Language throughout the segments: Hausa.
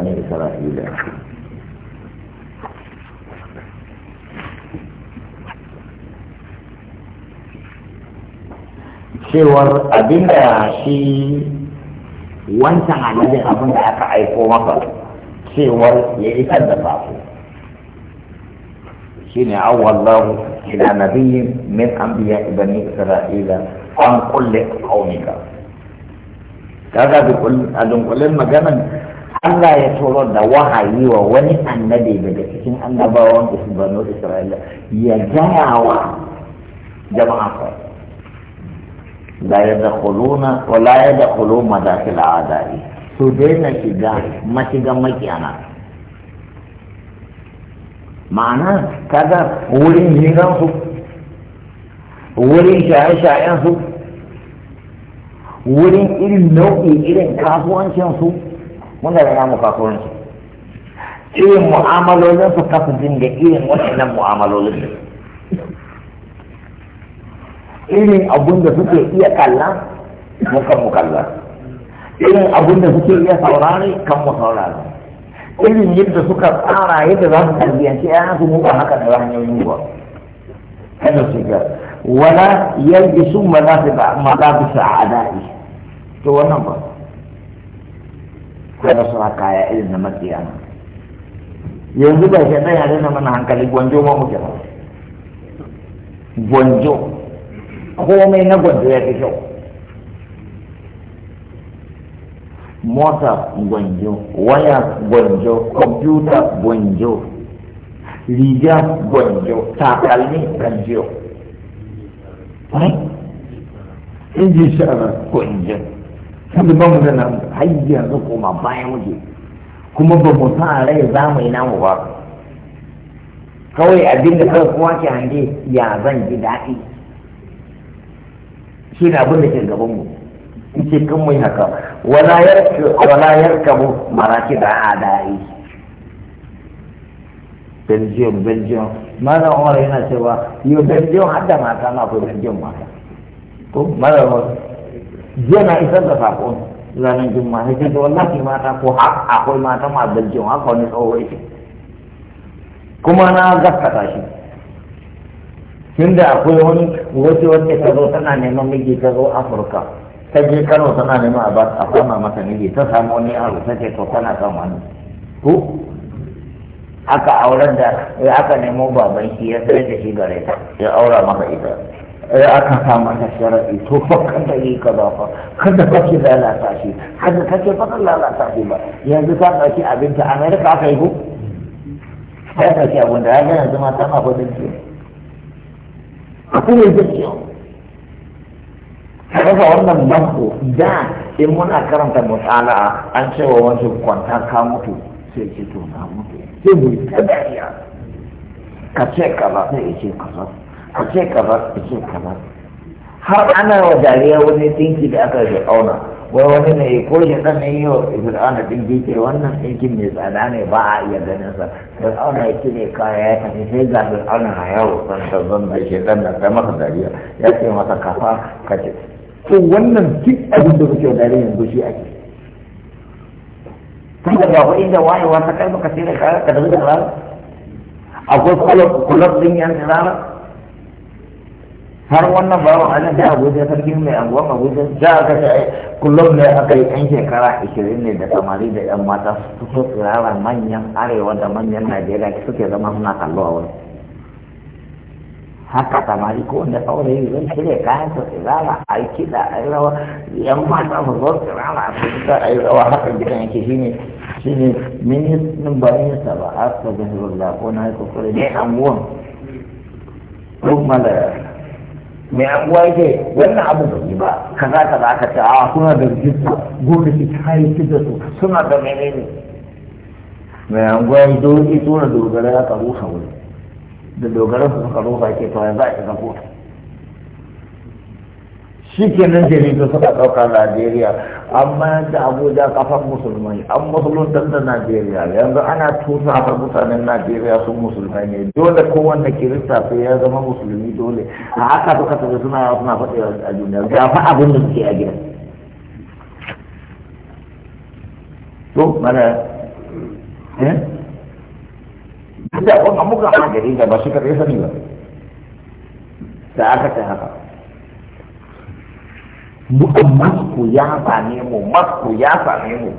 إسرائيل cewar abinda shi wancan alajin abin da aka aiko maka cewar ya isar da sako shine awwallahu ila nabiyyin min anbiya bani isra'ila an kulli qaumika kaga da kullun maganan Allah ya turo da wahayi wa wani annabi daga cikin annabawan Banu Isra'ila ya gaya wa jama'a ko la yadkhuluna wa la yadkhulu madakhil a'da'i su daina shiga mashigan makiyana ma'ana kaga wurin su, wurin shaye shayen su, wurin irin nau'i irin su. Mun da namu kafurin su irin mu'amalolin su kafin da irin waɗannan mu'amalolin su irin abun da suke iya kalla mu kan mu kalla irin abun da suke iya saurari, kan mu saurari irin yadda suka tsara yadda za su tarbiyyanci ya su mu ba haka da hanyoyin ba kada su ga wala yalbisu madafisa a ada'i to wannan ba kada su kaya irin na matsiya yanzu ba shi ɗaya da mana hankali gwanjo ma muke ba gwanjo komai na gwanjo ya fi kyau mota gwanjo waya gwanjo kwamfuta gwanjo riga gwanjo takalmi gwanjo inji shara gwanjo sabi ba mu da nan har yanzu koma bayan muke kuma ba mu sa rai za mu yi namu ba kawai abin da kawai kowa ke hange ya zan ji daɗi shi na abin da ke gaban mu ce kan mai haka wala yarka wala mara ki maraki da adai Belgium Belgium mana umar yana cewa yau Belgium har mata na akwai Belgium mata ko mara yana isar da saƙon ranar juma'a sai ta wallahi mata ko har akwai mata masu daljin haka wani tsoho yake kuma na gaskata shi tunda akwai wani wace wacce ta zo tana neman miji ta zo afirka ta je kano tana neman a ba a kama mata miji ta samu wani yaro ta ce to tana kan wani ko aka aurar da aka nemo baban shi ya sai da shi gare ta ya aura maka ita ya eh, aka sa mata sharaɗi to fa kada yi ka ba fa kada kake lalata shi kada kake fa kan lalata shi ba yanzu ka ɗauki abinci amerika aka yi ko ya ɗauki abin da ya ga yanzu mata ma gudun ce akwai yanzu ce kaga wannan banko da in muna karanta musala'a an cewa wasu kwanta ka mutu sai ce to na mutu sai mu yi ta dariya ka ce ba sai ya ce kaza a ce kaza a ce kaza har ana wa dariya wani dinki da aka yi auna wai wani ne ya shi dan ne yi wa fir'auna dinki ke wannan dinkin mai tsada ne ba a iya ganin sa fir'auna ya ne kaya ya tafi sai ga fir'auna na yawo san ta zan da shi dan na sai masa dariya ya ce masa kafa kace to wannan duk abin da kuke dariya yanzu shi ake tun da ba ku inda wayewa ta kai baka sai da ka da zuwa akwai kulab din yan tsara har wannan bawan ana da abuja sarkin mai anguwan abuja da aka ce kullum ne aka yi yan shekara ashirin ne da samari da yan mata su fito tsirara manyan arewa da manyan najeriya suke zama suna kallo a wani haka samari ko wanda saurayi zai shirya kayan su tsirara a yi kiɗa a yi rawa yan mata su zo tsirara a fita a yi rawa haka gidan yake shine shine ministan ba minista ba a tsogin hirullah ko na yi kokore ne anguwan duk malaya mai abuwa yake wannan abu da yi ba kaza kaza ka ce a ah, kuna da rijista gobe ta kayi su da su suna da menene mai anguwa yi doki tura dogara ya ka rusa wuri da dogara su suka rusa ke to yanzu a shiga kotu shi kenan jaridu suka ɗauka Najeriya amma da abuja kafan musulmai an musuluntar da najeriya yanzu ana tusa har mutanen najeriya sun musulmai ne dole kowanne kirista sai ya zama musulmi dole a haka suka tafi suna suna faɗi a duniya ga fa abin da suke a gidan to mana eh da wannan muka a gari da ba shi kaɗai sani ba da aka ta haka mutum masku ya same mu masku ya same mu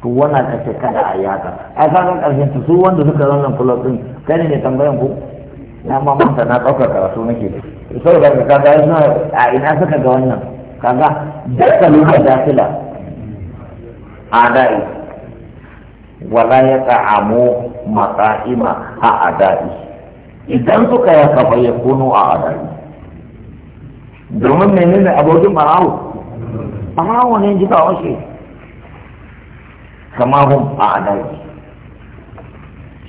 to ka ce kada a yaka a ka karshen ta su wanda suka zama kula din kai ne tambayan ku na ma manta na ɗaukar karatu nake sai da ka ga suna a ina suka ga wannan kaga dakalu da dafila daɗi wala ya ta'amu mata'ima a adai idan suka yaka ya yakunu a adai domin menene abokin barawo barawo ne ji kawo shi kama hun a adalci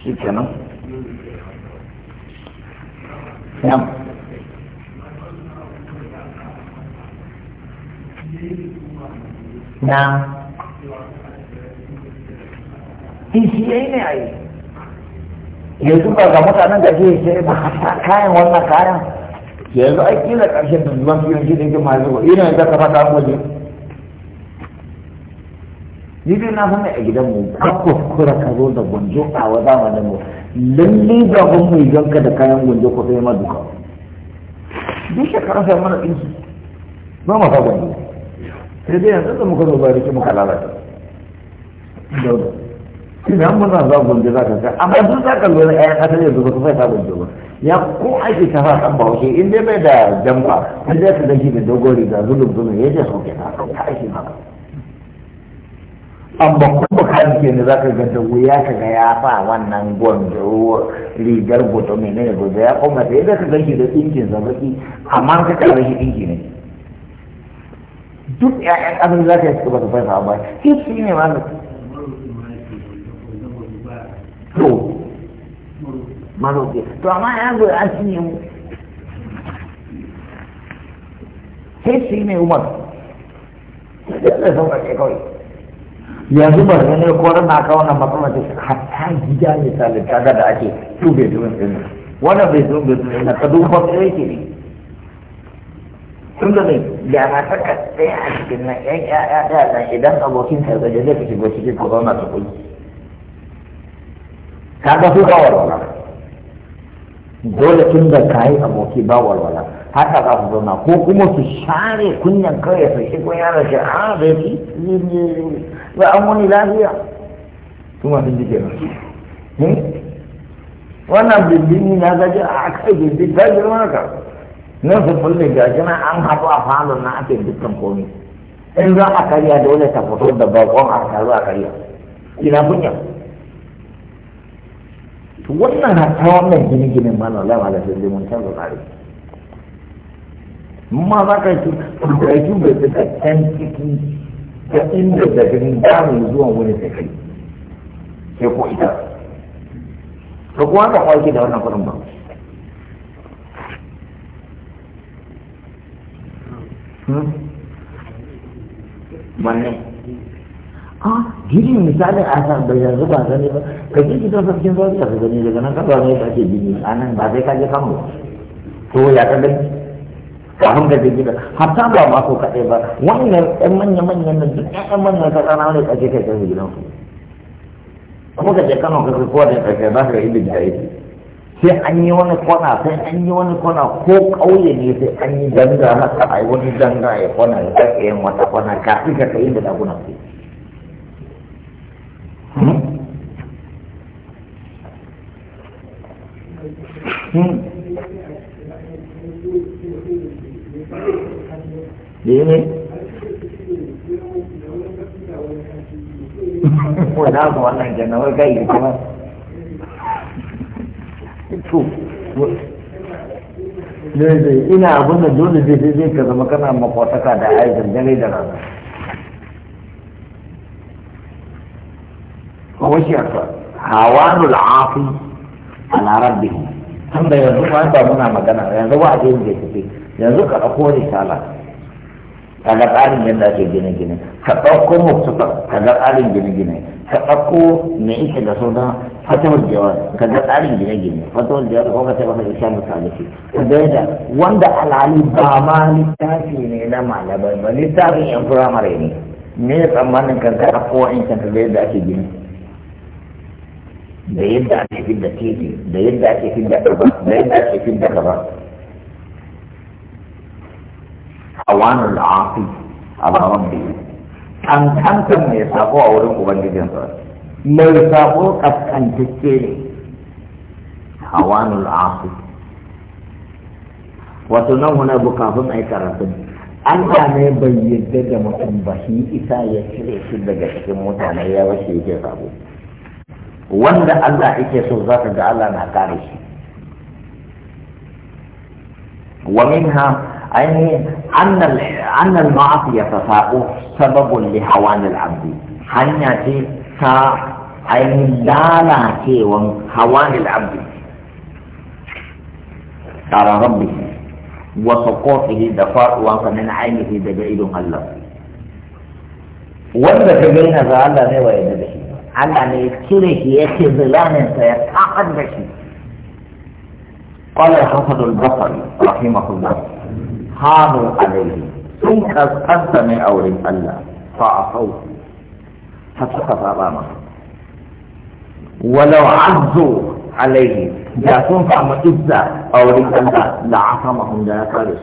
shi kenan yam na PCA ne a yi yanzu ba ga mutanen da ke ce ba kayan wannan kayan yanzu ai kila karshen da zuban fiye shi da yake ma zuwa ina yanzu ka fata ne ni dai na sani a gidanmu ka kuskura ka zo da gwanjo a wa zamanin mu lalle ba mun mai ganka da kayan gwanjo ko sai ma duka duk shekarar sai mana ɗinki ba ma fa gwanjo sai dai yanzu da muka zo ba rike muka lalata dauda idan muna za gunje za ka kai amma duk za kallo lura ayan asali yanzu ba su fai sabon ba ya ko ake ta sa kan bahaushe in dai bai da jamba in dai ka gaji da dogon riga zulum zulum ya je sauke ta ka ake haka amma kuma ka ke ne za ka ga da wuya ka ga ya fa wannan gonjo rigar goto mai ne goto ya koma ta yadda ka gaji da ɗinkin zabaki amma ka kare shi ɗinki ne duk 'ya'yan asali za ka yi suka ba su fai sabon ba shi ne ma maroƙi to amma ya goyi a cinye mu sai shi ne umar sai da sauƙaƙe kawai yanzu ba zai ne koran na kawo matsala ce hatta gida misali kaga da ake two bedroom din wannan bedroom bedroom na ka duba ɗaya ke ne tun da ne da na saka ɗaya a cikin nan ƴan ƴaƴa ɗaya nan idan abokin ka zai ka shigo cikin corona ta kuyi kaga su kawo walwala dole tun da ka yi aboki ba walwala haka za su zauna ko kuma su share kunyan kawai su shi kun yana shi a da yi ba an wani lafiya kuma sun ji kenan hmm? wannan bindin na gaji a ah, kai bindin ta girma ka nan su kulle gaji na an haɗu a falon na ake dukkan komi in za a karya dole ta fito da bakon a taru a karya ina kunya to wannan ta wannan gini ginin ma na lama da shi mun canza tsari ma za ka ci kurkuraki bai ta can ciki ta inda da ganin damu zuwa wani ta kai sai ko ita to kuma ka kwaki da wannan kudin ba hmm? manne ha gini misalin a san bai yanzu ba sani ba ka ji gidan sarkin zariya ka gani daga nan kaba ne da ake gini a nan ba sai ka je kano to ya ka gani kafin ka je gidan hatta ba ma so kaɗai ba wannan ɗan manya-manyan nan duk ɗan manyan ka tsana wani ƙarshe kai kai gidan su kuma ka je kano ka kai kowa da ƙarshe ba ka yi da aiki sai an yi wani kwana sai an yi wani kwana ko ƙauye ne sai an yi danga haka a yi wani danga ya kwana ya kai yin wata kwana kafin ka kai inda dagunan su ne wala ba wannan janawar gai kuma to daidai ina abin da dole zai ka zama kana makwataka da aikin da rana hawanul afi ala rabbihim tun da yanzu ba ba muna magana yanzu ba a je mu tafi yanzu ka ɗauko risala ka ga tsarin yadda ake gine-gine ka ɗauko muktuka ka ga tsarin gine-gine ka ɗauko me yake da da fatawar jawar ka ga tsarin gine-gine fatawar jawar ko ka taɓa ka sha misalici ka ga yadda wanda alali ba ma littafi ne na malamai ba littafin yan firamare ne me ya tsammanin ka a kowa wa'in ka da yadda ake gine da yadda ake fidda titi da yadda ake fidda kaza da yadda ake fidda kaza awanul afi ala rabbi an kankan mai sako a wurin ubangijinsa mai sako kaskantacce ne A wani afi wato nan wani abu kafin a yi karatun an ne bai yadda da mutum ba shi isa ya cire shi daga cikin mutane ya bashi yake sabo wanda Allah yake so za ka ga Allah na kare shi wa minha ainihin annal ma'afiya ta sa'o sababin lihawan al'abdi hanya ce ta ainihin lalacewan hawan abdi. tara rabbi wa sakofihi da faɗuwansa min ainihi daga idon Allah wanda ka gaina za Allah ne wa yadda shi على أن يذكره يأتي ظلام فيتعقد بشيء قال الحفظ البصري رحمه الله هانوا عليه ثم أذكرت من أولي ألا فأعطوه فسقط امامه ولو عزوا عليه جاتون فهم إذا او ألا لعصمهم لا فارس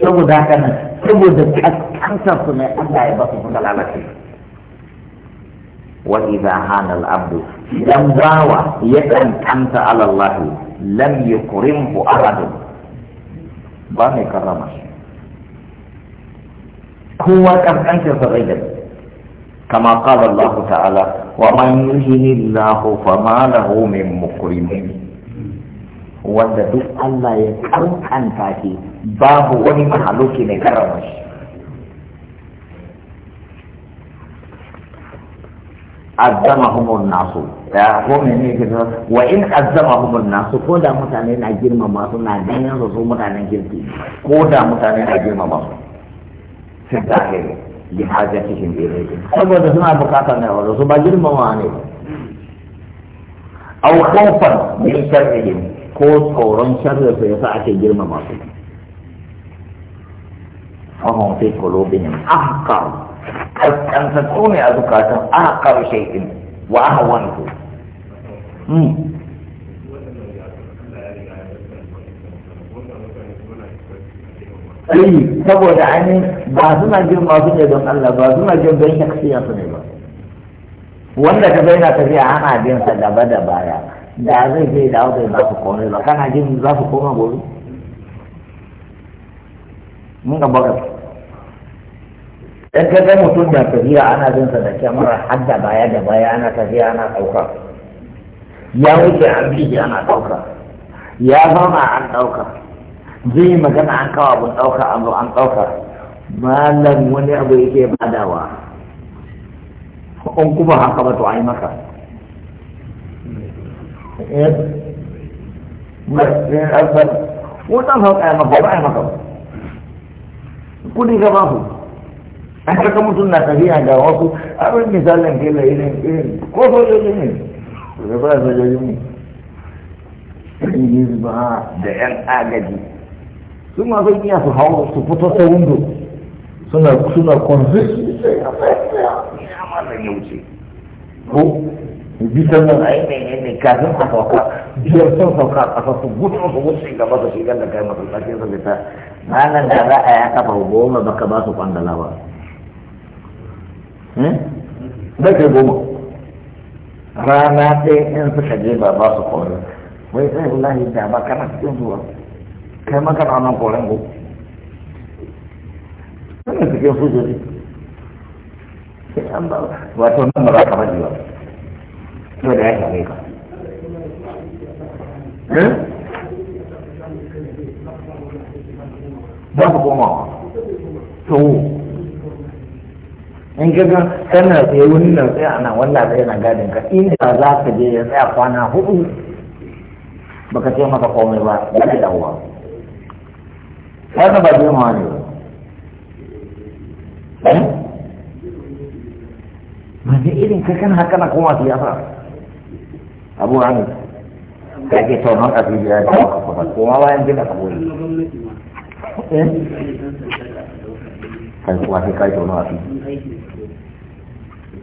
ثم ذاك ثم ذاك أذكرت من أولي بطل على وإذا هان العبد لم باوى يكن أنت على الله لم يكرمه أحد بامي كرمش هو كم أنت صغيرا كما قال الله تعالى ومن يهن الله فما له من مكرم wanda duk Allah يكرم karanta shi babu wani azzamahum an-nasu ya ko menene ke da wa in azzamahum an-nasu ko da mutane na girmama su na ganin su mutanen kirki ko da mutane na girmama su sai da ke li hajatihim ilayhi saboda suna bukatar ne wa su ba girmama ne aw khawfan min sharrihim ko tsoron sharri su yasa ake girmama su fa hum fi qulubihim ahqar an kaskantattu ne a zukatan a karshe in wa a wanto hmm. Ayi, saboda ainihin ba suna jin masu ne don Allah ba suna jin don shaksiya su ne ba. Wanda ka bai na tafiya ana jin sa daba da baya, da zai zai da wata za su kone ba, kana jin za su koma gobe? Mun ga bakar. dan ka ga mutum da tafiya ana jin sa da kyamara har da baya da baya ana tafiya ana ɗauka ya wuce an bi ana ɗauka ya zama an ɗauka zai yi magana an kawo abun ɗauka an zo an ɗauka malam wani abu yake badawa in kuma haka ba to ai maka wutan hauka ya maka ba ya maka kudi ga babu an kaga mutum na tafiya ga wasu abin misalin ke da irin irin ko sojoji ne da ba sojoji ne irin ba da yan agaji su ma zai iya su hau su fito ta windo suna suna kwanzuki sai a fayar ya ma yauce ko bisa nan a yi ne ne kafin a sauka biyar sun sauka a ƙasa su gudun su wuce gaba su shigar da kai masu tsakiyar su fita ranar da za a ya kafa goma baka ba su kwandala ba zai hmm? kai goma rana ɗaya in suka je ba ba su kore wai sai wallahi da ba kana cikin zuwa kai maka na nan koren go kana cikin hujjoji sai an ba wato nan ba za ka faɗi ba to da ya shafe ka ba hmm? su komawa to in ga ga kana sai wani sai ana wannan sai yana gadin ka inda za ka je ya tsaya kwana hudu baka ce maka komai ba ya ke dawowa kaga ba zai ma ne eh? ba ne irin ka kana haka na koma siyasa abu hannu ya ke taunan biya ya dawo ka kuma koma bayan gina ka boye eh? kai kuwa sai kai taunan asiri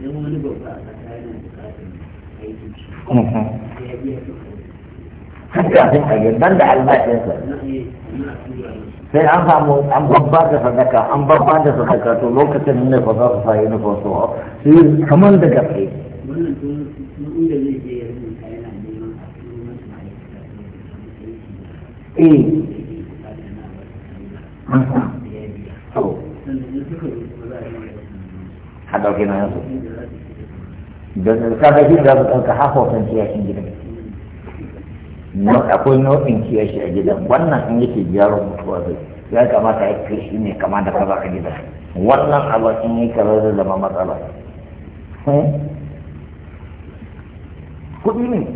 sai an samu an babba da sadaka an babba da sadaka to lokacin ne ba za su sa uniform so su kamar da gaske a ɗauki na yanzu da ka kaga shi za su ɗauka hafokan kiyashin gidan akwai nau'in kiyashi a gidan wannan in yake gyaran mutuwa zai ya kamata ya kai shi ne kama da kaza a gidan wannan abin in yi kaza zai zama matsala eh? kuɗi ne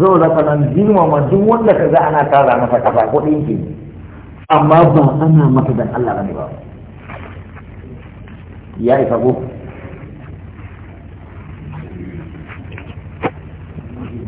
zo da fanan ma duk wanda ka ga ana tara masa kafa kuɗi ne amma ba ana mata dan Allah bane ba ya isa ko